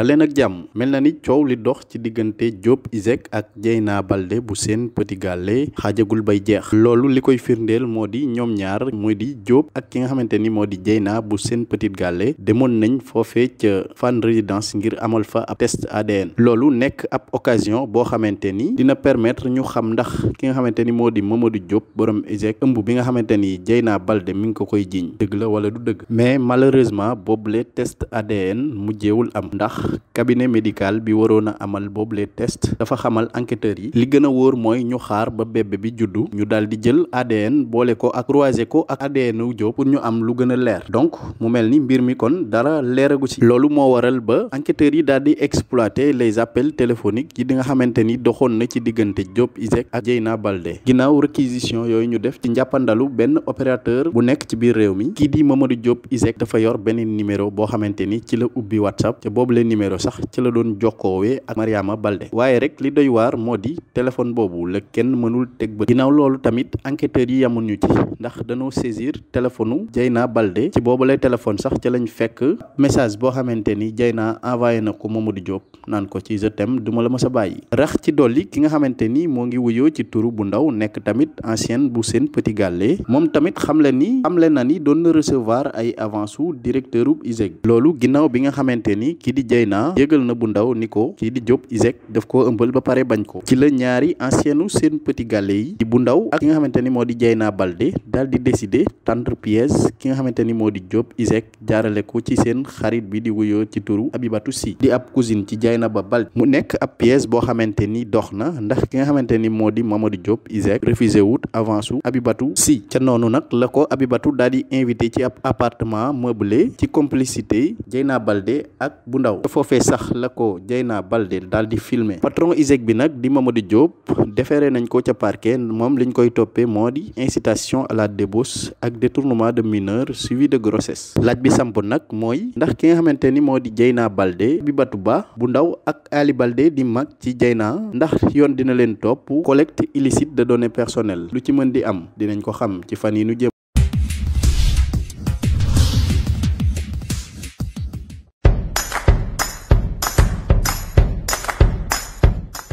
daleen ak jàmm mel na ni coow li dox ci diggante Diop ISEG ak Dieyna balde bu seen Petit Gallé xaajagul bay jeex loolu li koy firndeel moo di ñoom ñaar moo di Diop ak ki nga xamante ni moo di Dieyna bu Sen Petit Gallé demoon nañ foofee ca Fann ngir amal fa ab test loolu nekk ab occasion boo xamante ni dina permettre ñu xam ndax ki nga xamante ni moo di Mamadou Diop borom ISEG ëmb bi nga xamante ni Dieyna Baldé mi ngi ko koy jiiñ dëgg la wala du dëgg mais malheureusement boobule test ADN mujjeewul am ndax cabinet médical bi waroon a amal boobule test dafa xamal enquêteurs yi li gën a wóor mooy ñu xaar ba bébé bi juddu ñu daal di jël ADN boole ko ak croiser ko ak ADN wu pour ñu am lu gën a leer donc mu mel ni mbir mi kon dara leeragu si loolu moo waral ba enquêteurs yi daal di exploiter les appels téléphoniques yi di nga xamante ni doxoon na ci diggante Diop Iseg ak Dieyna Baldé ginnaaw réquisition yooyu ñu def ci njàppandalu benn opérateur bu nekk ci biir réew mi kii di Mamadou Diop Iseg dafa yor benn numéro boo xamante ni numéro sax ci la doon jokkoowee ak Mariama Balde waaye rek li doy waar moo di téléphone boobu la kenn mënul teg ba ginnaaw loolu tamit enquêteurs yi yamuñ ñu ci ndax dañoo saisir téléphonu Dieyna Balde ci boobu lay téléphone sax ci lañ fekk message boo xamante ni Dieyna envoyé na ko Mamadou Diop naan ko ci je t'aime duma la mës a bàyyi rax ci dolli ki nga xamante ni moo ngi wuyoo ci turu bu ndaw nekk tamit ancienne bu seen Petit Gallé moom tamit xamle ni xamle na ni doon recevoir ay avance directeur u ISEG loolu ginnaaw bi nga xamante ni ki di Dieyna Medina yëgal na bu ndaw ni ko kii di Diop ISEC daf koo ëmbal ba pare bañ ko ci la ñaari ancienne seen petit gàlle yi bu ndaw ak ki nga xamante ni moo di Dieyna balde dal di décider tendre piège ki nga xamante ni moo di Diop ISEC jaarale ko ci seen xarit bi di wuyoo ci turu Abibatou Sy di ab cousine ci Dieyna ba Baldé mu nekk ab piège boo xamante ni dox na ndax ki nga xamante ni moo di di Diop ISEC refusé wut avance su Abibatou Sy ca noonu nag la ko abibatu daal di invité ci ab appartement meublé ci complicité Dieyna Baldé ak bu ndaw foofee sax la ko Dieyna Baldé daal di filmer patron ISEG bi nag di Mamadou Diop déféré nañ ko ca parquet moom liñ koy toppee moo di incitation à la débauche ak détournement de mineur suivi de grossesse laaj bi samp nag mooy ndax ki nga xamante ni moo di Dieyna balde bi batu ba bu ndaw ak Ali Baldé di mag ci Dieyna ndax yoon dina leen topp collecte illicite de données personnelles lu ci mën di am dinañ ko xam ci fan yi nu jëm